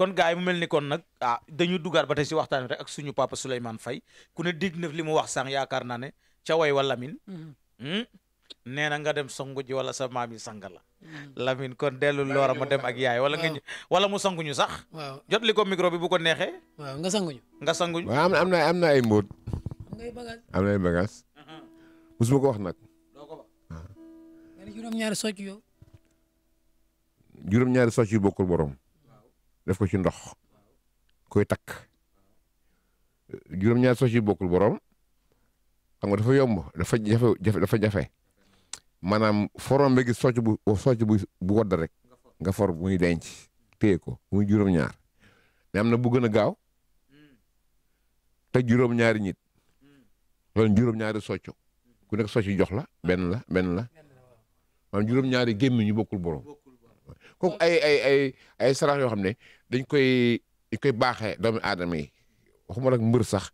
kon gars yi mu mel ni kon nag a ah, dañu dugaat ba tey si waxtaan rek ak suñu papa Souleymane fay ku ne dig na li mu wax sànq yaakaar naa ne ca way wa Lamine. Mm-hmm. Hmm? nee na nga dem songu ji wala sa maam yi sang la. Mm-hmm. Lamine kon dellu loora ma dem ak yaay. wala nga wala mu sanguñu sax. waaw ko micro bi bu ko neexee. waaw nga sanguñu. nga sanguñu. am na am na ay mbóot. am na ay bagages. musuma uh-huh. ko wax nag. Ah. juróom-ñaari socc yow. juróom-ñaari socc yu bokkul borom. def ko ci ndox koy takk juróom-ñaar soo ci bokkul boroom xam nga dafa yomb dafa jafe dafa jafe maanaam forom bi gis socc bu socc bu bu wadd rek nga for muy denc téye ko muy juróom-ñaar mais am na bu gën a gaaw te juróom-ñaari nit loolu juróom-ñaari socc ku nekk socc jox la benn la benn la maanaam juróom-ñaari gémmiñ ñu bokkul borom. kooku ay ay ay ay sarax yoo xam ne dañ koy dañ koy baaxee doomu aadama yi waxuma rek mbër sax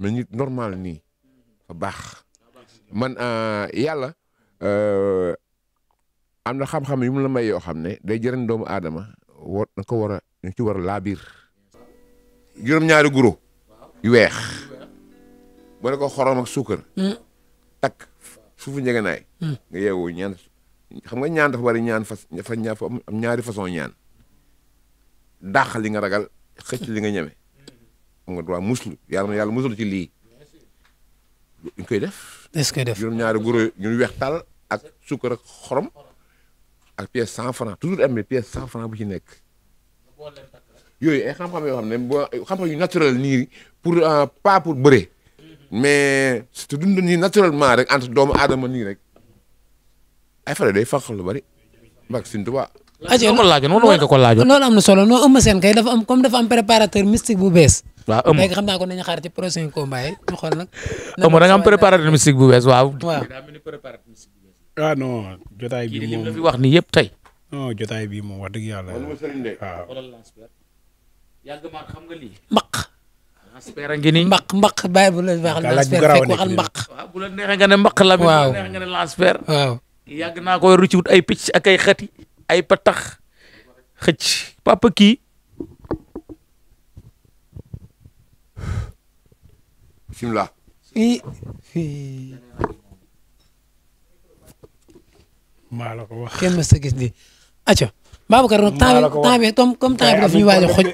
mais nit normal nii fa baax man ah, yàlla eh, am na xam-xam yu mu la may yoo xam ne day jëriñ doomu aadama war ko war a na ci war a laa biir juróom-ñaari guro yu weex boo ne ko xorom ak suukar hmm. takk suufu njëganaay hmm. nga yeewoo ñeent xam nga ñaan dafa bari ñaan fa am ñaari façon ñaan dàq li nga ragal xëcc li nga ñeme am nga droit muslu yàlla na yàlla muslu ci lii ñu koy def. est-ce que def juróom ñaari guro ñu weex tàll ak sukkar ak xorom ak pièce cent franc toujours am pièce cent franc bu ci nekk yooyu ay xam-xam yoo xam naturel nii pour euh, pas pour bëre mais te dund nii naturellement rek entre doomu aadama nii rek. ay fara day fànqal lu bari. barke Sëñ Tuubaa. aje ah, ko laajoon wala wañ ko ko laajoon. loolu am na solo non Eumeu Sène kay dafa am comme dafa am préparateur mystique bu bees. waaw Eumeu léegi xam naa xaar ci prochain combat yi ñu xool nag. Eumeu bu bees waaw. waaw ah non jotaay bi moom kii li fi wax nii yëpp tey. non jotaay bi moom wax dëgg yàlla. Ah. yàgg maa xam a ngi mbaq mbaq bàyyi bu la waxal. laaj bu garaaw a nekk mbaq. bu la neexee ne mbaq la. waaw yàgg naa ko yor ci wut ay picc ak ay xati ay patax xëcc papa kii ma maa la ko wax kenn mës a gis di acca Babacar nag temps temps comme temps bi daf ñu waaj a xoj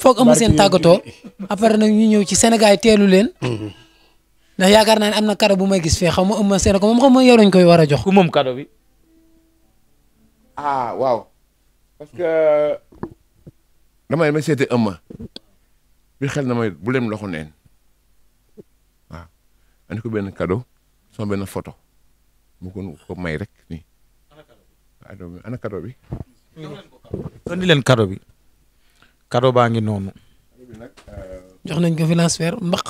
foog amu seen tàggatoo après nag ñu ñëw ci Sénégal teelu leen mm-hmm. ndax yaakaar naa ne am na cadeau bu may gis fee xaw ma ëmma seen ko moom xaw ma yow koy war a jox. ku moom cadeau bi. damay ma seete ëmma. bi xel na may bu loxo neen. waaw ko benn cadeau. sama benn photo. mu ko ko may rek nii. ana cadeau bi. andi leen cadeau bi. cadeau baa ngi noonu. Euh, jox nañ ko financeur mbaq.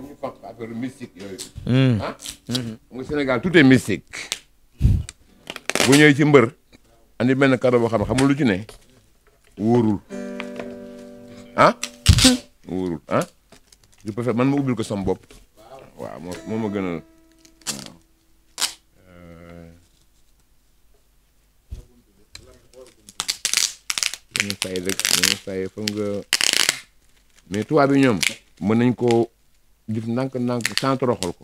pour ñu contre affaire mystique yooyu. Hmm. Ah? Hmm. ñëwee ci mbër. andi benn kado boo xam ne xamul lu ci ne. wóorul. ah. wóorul ah. man ma ubbil ko sama moo moo ma gënal. ñu ngi fay rek ñu ngi fay fa bi ñoom mën nañ koo def ndànk ndànk sans toroxal ko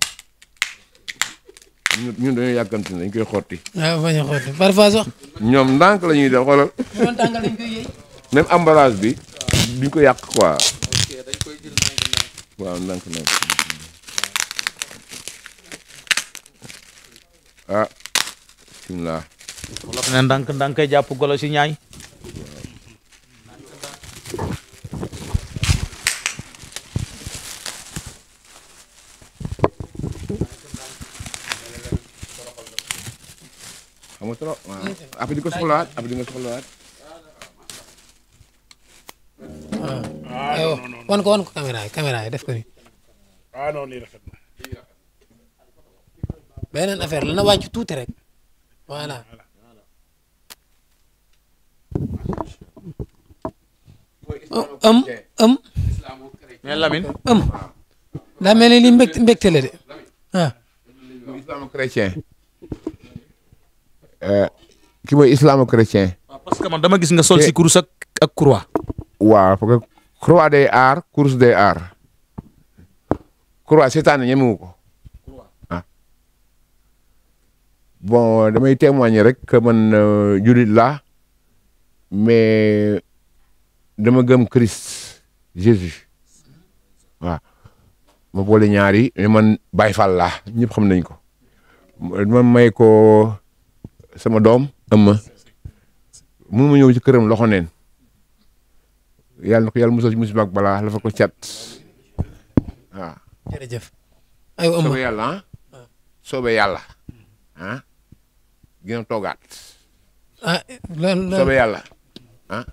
ñun ñun dañoo yàkkamti ne dañ koy xotti. waaw ah, bañ a xotti parfois sax. ñoom ndànk la ñuy def xoolal. ñoom ndànk lañ koy yëy. même emballage bi duñ ko yàq quoi. ok dañ koy jël ndànk waaw ndànk ndànk. ah. bisimilah. wolof ne ndànk ndànk jàpp golo si ñaay. trop waaw après di ko soxlawaat ni ah na. beneen la na wàcc tuuti rek voilà. am am. mais Lamine am. daa mel ni li mbégte mbégte la de ah. ki mooy islaam chrétien. parce que man dama gis nga sol si kurus ak ak croix. waaw parce aar kurus day aar croix seetaan ñemewu ko. Ah. bon damay témoigner rek que man euh, jullit laa mais dama gëm Christ Jésus waaw ma boole ñaari mais man Baye Fall laa xam nañ ko man may ko. sama doom ëmma mënu ma ñëw ci këram loxo neen yàlla na ko yàlla musal ci musiba ak balaa la fa ko cat waaw. jërëjëf. aywa ëmma soobee yàlla ah. soobee yàlla ah toogaat. ah yàlla ah,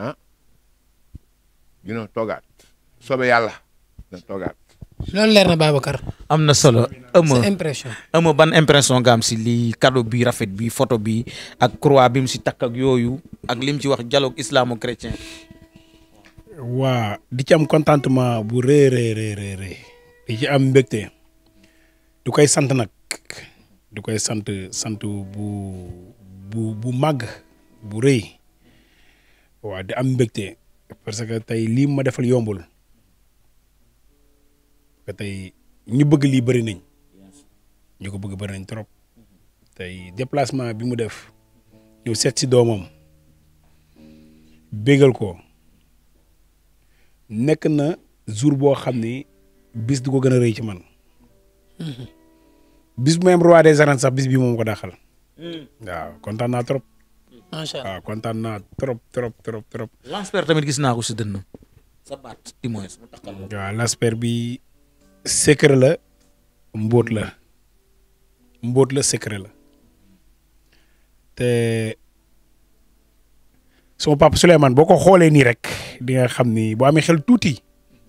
ah? toogaat. loolu leer na Babacar. am na solo ëmma ban impression nga si lii kado bi rafet bi photo bi ak croix bi mu si takk ak yooyu ak li mu ci wax dialogue islamo-chrétien. waa di ci am contentement bu rëy ci am mbégte du koy sant nag du koy sant sant bu bu bu màgg bu rëy waa di am mbégte parce que tey lii ma defal yombul. ba tey ñu bëgg lii bëri nañ ñu ko bëgg bëri nañ trop tey déplacement bi mu def ñëw seet si doomam bégal ko nekk na jour boo xam ni bis du ko gën a rëy ci man bis bu waa am roi des arènes sax bis bii moom ko daaxal waaw kontaan naa trop. macha kontaan naa trop trop trop trop. Lansper tamit gis naa ko si dënn. sa bi secret la mbóot la mbóot la secret la te sama papa Souleymane boo ko xoolee nii rek di nga xam ni boo amee xel tuuti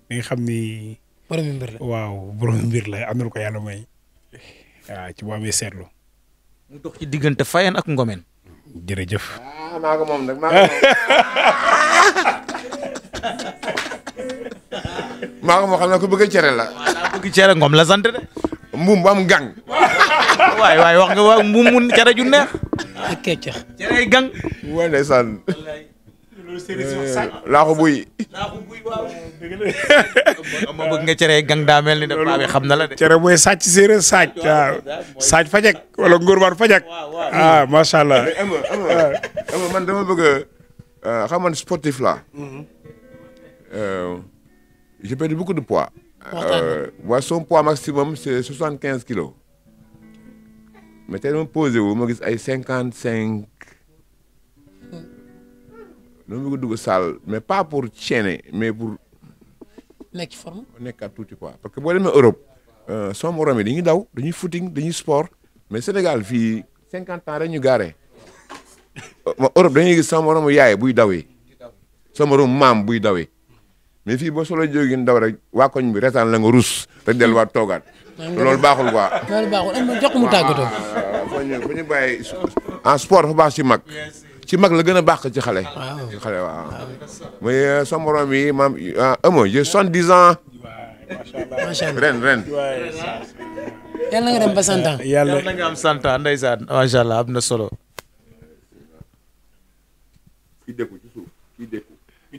di nga xam ni. borom mbir waaw borom la am na lu ko yàlla may waaw ci boo amee seetlu. mu dox ci diggante Fayeen ak Ngomen. jërëjëf. Ah, maa ko moo xam ne ku bëgg cere la. waaw daa bëgg cere ngom la sant de. mbuum bu am gang. waay waay wax nga waaw mbuum mu cere ju neex. ak keccax. cere ay gang. waa ndeysaan. Eh, laaxu buy. laaxu buy waaw. ma bëgg nga cere gang daa mel ni de paa bi xam na la de. cere mooy sàcc séeréer sàcc. waaw ah, sàcc fajak wala ngóorbaan fajak. ah macha allah. Eh, ah. man dama bëgg ah, xam man sportif la mm-hmm. eh, j'ai perdu beaucoup de poids. Euh, waaw son poids maximum c'est soixante quinze kilos mais tey dama posé wu ma gis ay cinquante cinq. Hmm. dama bëgg dugg sal mais pas pour chaîner mais pour. nekk forme. nekkaat tuuti poids parce que boo demee Europe. Euh, soo morom di dañuy daw dañuy footing dañuy sport mais Sénégal fii cinquante ans re ñu gaaree. ma Europe dañuy gis sama moromu yaay buy dawee. sama moromu maam buy dawee. mais fii boo solo jógin daw rek waa koñ bi retaan la nga rus rek delluwaat toogaat. loolu baaxul quoi. loolu baaxul am na mu tàggatoo. waaw ah, ñu bu ñu bàyyi sport dafa baax ci mag. mag la gën a baax ci xale. ci xale waaw. muy euh, sa morom yi maam amoo ah, j'ai soixante-dix ans. am na solo.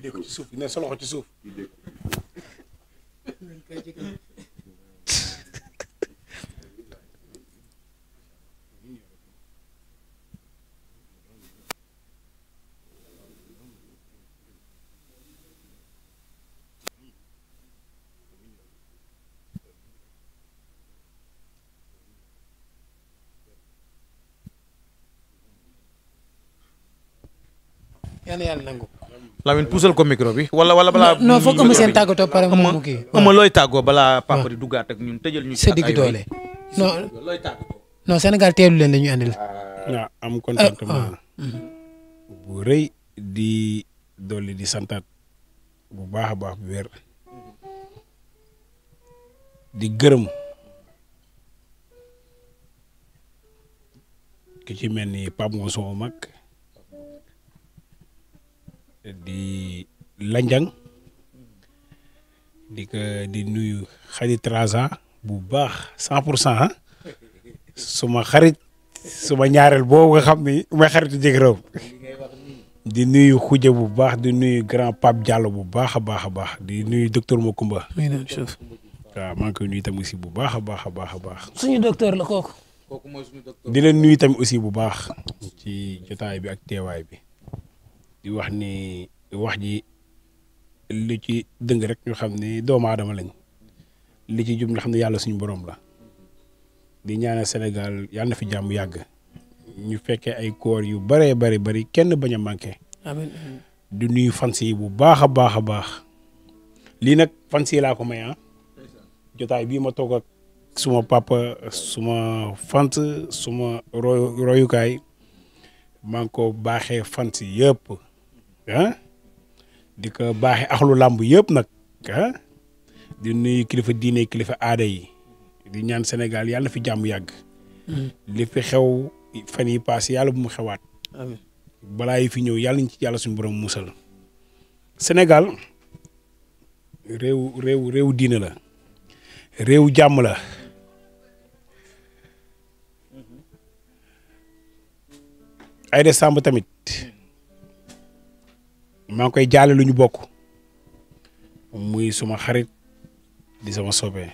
kii dégg ci suuf ne sa nangu Lamine puusal ko micro bi wala wala balaa. non foog ëmm seen tàggatoo pare looy tàggoo balaa papa di duggaat ñun tëjal ñu. sa digg doole non looy tàggatoo. non la ñu andil. waaw ah, am ah, contentement ah. bu rëy di dolli di santaat bu baax a baax bu wér di gërëm. ki ci mel ni Pape Moussa mag di lanjan di ko di nuyu Khady Trasa bu baax cent pour cent ah. suma xarit suma ñaareel boobu nga xam ni may xaritu jëkkëram di nuyu xuja bu baax di nuyu grand Pape Diallo bu baax a baax a baax di nuyu docteur Makumba. waaw maa ngi koy nuyu tam aussi bu baax a baax a baax a baax. suñu docteur la kooku. di leen nuyu tam aussi bu baax. ci jotaay bi ak teewaay bi. di wax ni wax ji lu ci dëng rek ñu xam ni doomu aadama lañ li ci jub na xam ne yàlla suñu boroom la di ñaanal Sénégal yàlla na fi jàmm yàgg ñu fekkee ay koor yu bare bëri bëri kenn bañ a manqué. amiin di nuyu fans yi bu baax a baax a baax lii nag fans yi laa ko may ah jotaay bii ma toog ak suma papa suma fans suma royukaay maa ngi ko baaxee fans yëpp. ah di ko baaxe axlu làmb yëpp nag ah di nuyu kilifa diine kilifa aada yi di ñaan Sénégal yàlla fi jàmm yàgg. Mm-hmm. li fi xew fan yi paase yàlla bu mu xewaat. balaa yi fi ñëw yàlla ñu ci yàlla suñ borom musal. senegal réew réew réew diine la réew jàmm la mm-hmm. Aïda Samb tamit. maa ngi koy jaale lu ñu bokk muy suma xarit di sama soppee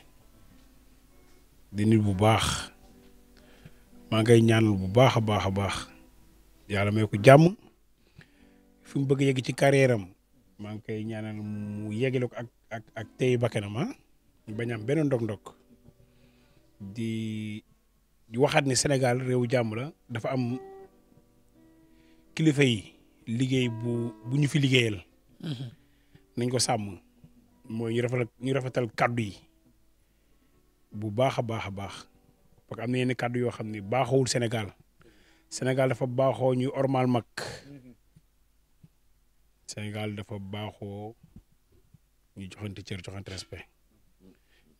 di nit bu baax maa ngi koy ñaanal bu baax a baax a baax yàlla may ko jàmm fi mu bëgg yegg ci carrière maa ngi koy ñaanal mu yeggale ko ak ak tey bakkanam ah ñu bañ am benn ndog ndok di di waxaat ni Sénégal réewu jàmm la dafa am kilifa yi. liggéey bu bu ñu fi liggéeyal. Mhm. nañ ko sàmm mooy ñu rafetal rafetal kàddu yi bu baax a baax a baax parce que am na yenn kàddu yoo xam ne baaxowul Sénégal Sénégal dafa baaxoo ñuy ormal mag Sénégal dafa baaxoo ñu joxante cër joxante respect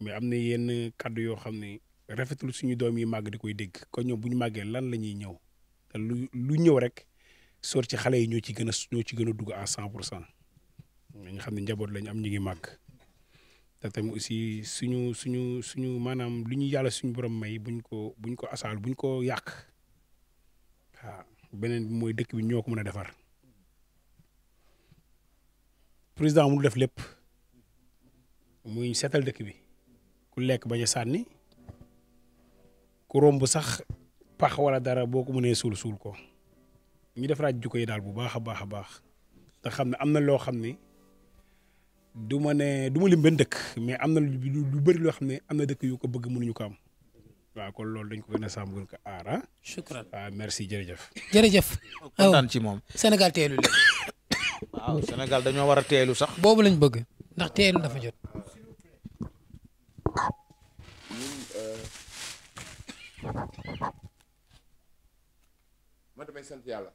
mais am na yenn kàddu yoo xam ne rafetul suñu doom yi màgg di koy dégg kon ñoom bu ñu màggee lan la ñuy ñëw te lu lu ñëw rek. sor xale yi ñoo ci gën a ñoo ci gën a dugg à cent pour cent ñu xam ne njaboot lañu am ñu ngi màgg te tamit aussi suñu suñu suñu maanaam lu ñu yàlla suñu borom may buñ ko buñ ko asaal buñ ko yàq waaw beneen bi mooy dëkk bi ñoo ko mën a defar président mu def lépp muy setal dëkk bi ku lekk bañ a sànni ku romb sax pax wala dara boo ko mënee suul suul ko. ñu defaraat jukko yi daal bu baax a baax a baax te xam ne am na loo xam ne du ma ne du ma lim benn dëkk mais am na lu bari loo xam ne am na dëkk yu ko bëgg mënuñu ko am waaw kon loolu dañ ko gën a sàmm gën ko aar ah. Ah, merci jërëjëf. jërëjëf. ci moom Sénégal teelu leen. dañoo war a teelu sax. boobu lañ bëgg ndax teelu dafa jot. man damay yàlla.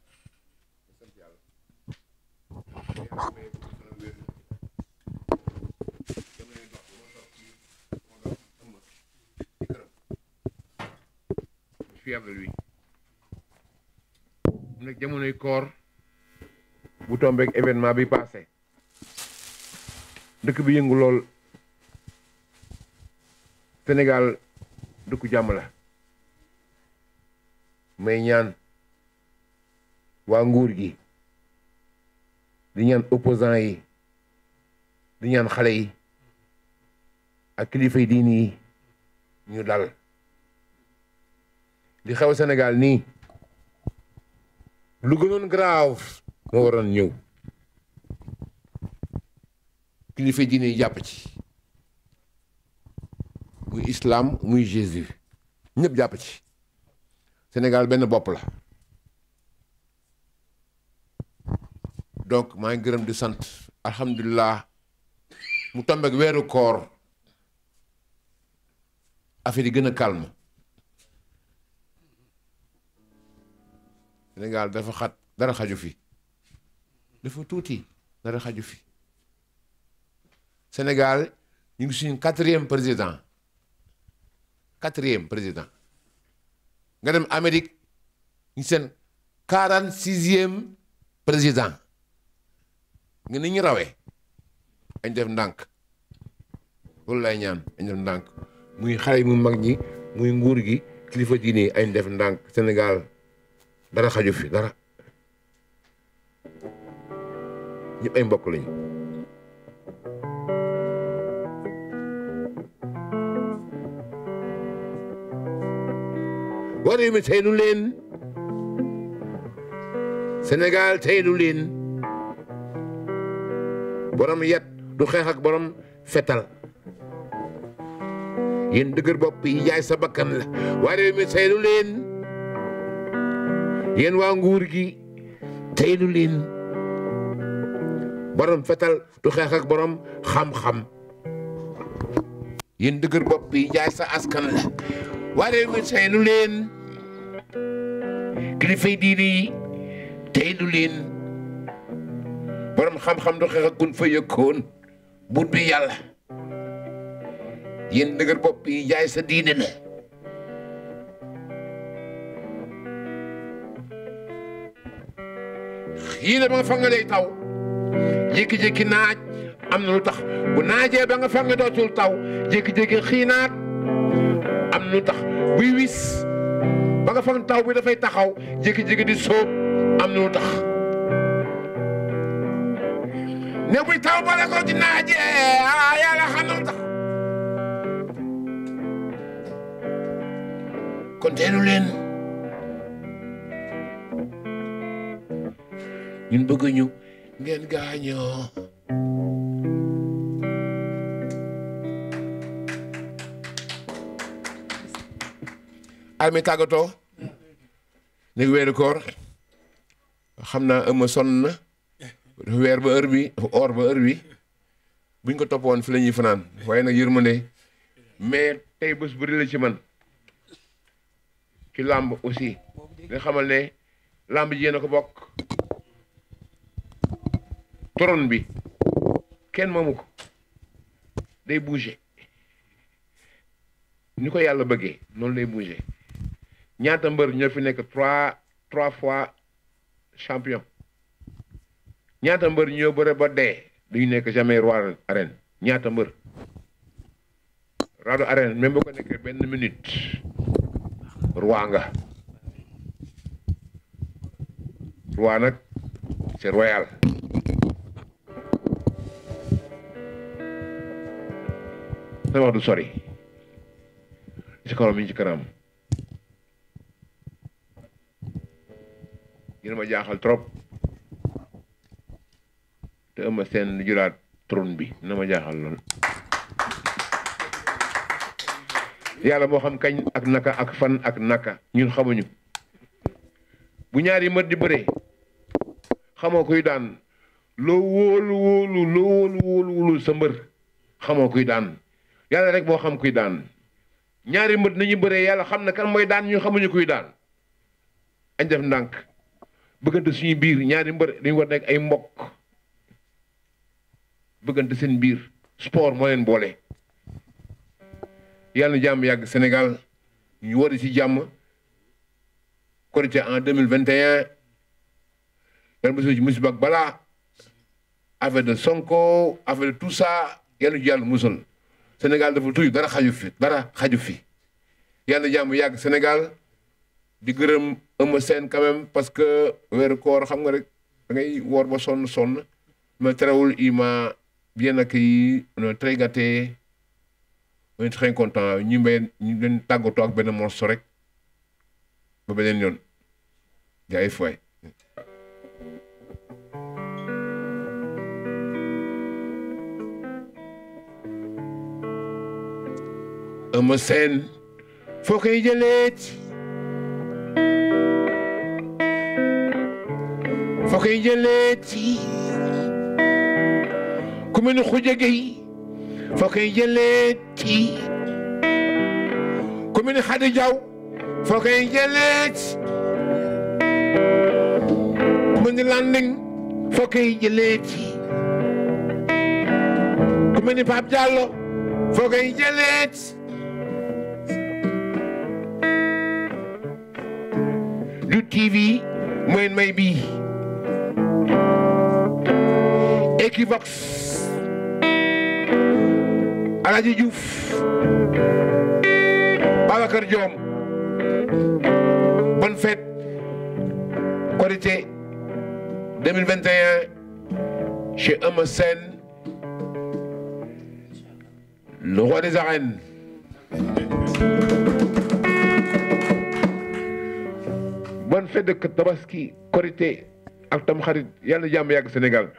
fièvre bi mu nekk jamonoy koor bu tombeek événement bi passé dëkk bi yëngu lool Sénégal dëkku jàmm la may ñaan waa nguur gi di ñaan opposant yi di ñaan xale yi ak kilifa yi diini yi ñu dal li xew senegaal nii lu gënoon grave moo waroon ñëw kilifa diine yi jàpp ci muy islam muy Jésus ñépp jàpp ci Sénégal benn bopp la donc maa ngi gërëm di sant alhamdulilah mu tombek weeru koor affaire yi gën a calme Sénégal dafa xat dara xaju fi dafa tuuti dara xaju fi Sénégal ñu ngi suñu quatrième président quatrième président nga dem Amérique ñu seen quarante sixième président nga ni ñu rawee añ def ndànk loolu lay ñaan añ def ndànk muy xale yi mag ñi muy nguur gi kilifa diine yi añ def ndànk senegaal dara xaju fi dara ñëpp ay mbokk lañu war mi tey nu leen Sénégal tey borom yet du xeex ak borom fetal yéen dëgër bopp yi jaay sa bakkan la waa réew mi saylu leen yéen waa nguur gi saylu leen borom fetal du xeex ak borom xam-xam yéen dëgër bopp yi jaay sa askan la waa réew mi saylu leen kilifa diine yi tey leen borom xam-xam du xeex ak kun fa yëkkoon buur bi yàlla yéen dëgër bopp yi jaay sa diine la yii de ba nga fang lay taw jékki-jékki naaj am na lu tax bu naajee ba nga fang dootul taw jékki-jékki xiinaat am na lu tax buy wis ba nga fang taw bi dafay taxaw jékki-jékki di sóob am na lu tax. ne buy taw bala ko dinaa jee ah yàlla xamal tax kon teelu leen ñun bëgg ñu ngeen gaañoo almi tàggatoo ne weeru koor xam naa ëmma sonn na weer ba heure bi or ba heure bi buñ ko toppoon fi la fanaan waaye nag yërmande mais tey bés bëri la ci man ki làmb aussi nga xamal ne làmb ji a ko bokk toron bi kenn moomu ko day bouger ni ko yàlla bëgge noonu lay bouger ñaata mbër ñoo fi nekk trois trois fois champion ñaata mbër ñoo bëre ba dee duñu nekk jamais roi arène ñaata mbër roi de arène même bu ko nekkee benn minute roi nga roi nag c'est royal sama wax du sori ci kaw mi ci ma jaaxal trop te ëmma seen juraat trône bi na ma jaaxal lool yàlla moo xam kañ ak naka ak fan ak naka ñun xamuñu bu ñaari mbër di bëree xamoo kuy daan loo wóolu wóolu loo wóolu wóolu sa mbër xamoo kuy daan yàlla rek moo xam kuy daan ñaari mbër nañu bëree yàlla xam na kan mooy daan ñu xamuñu kuy daan añ def ndànk bëggante suñu biir ñaari mbër dañu war nekk ay mbokk bëggante seen biir sport moo leen boole. yàlla na jàmm yàgg Sénégal ñu wari ci jàmm korité en deux mille vingt et un yàlla mosul de Sonko affaire tout ça yàlla ci yàlla musal xaju fi dara xaju fi yàlla na jàmm yàgg Sénégal di gërëm Eumeu Sène quand parce que weeru koor xam nga rek da woor ba sonn sonn ma terewul ima bien accueillis on est très gâtés on est très content ñu mbay ñu leen tàggatoo ak benn morceau rek ba beneen yoon jaay fooy ama seen foo koy jëleet foo koy jëleet ku mel ni Khoudia Gueye foo koy jëlee ci ku mel ni Khady Diaw foo mel ni Landing foo koy jëlee ci ku mel ni Pape du TV mooy may bi Alaji Diouf Babacar Diom bonne fête Korité 2021 chez Eumeu Sène le roi des arènes bonne fête de Tabaski Korité ak Tamxarit yàlla na jàmm yàgg Sénégal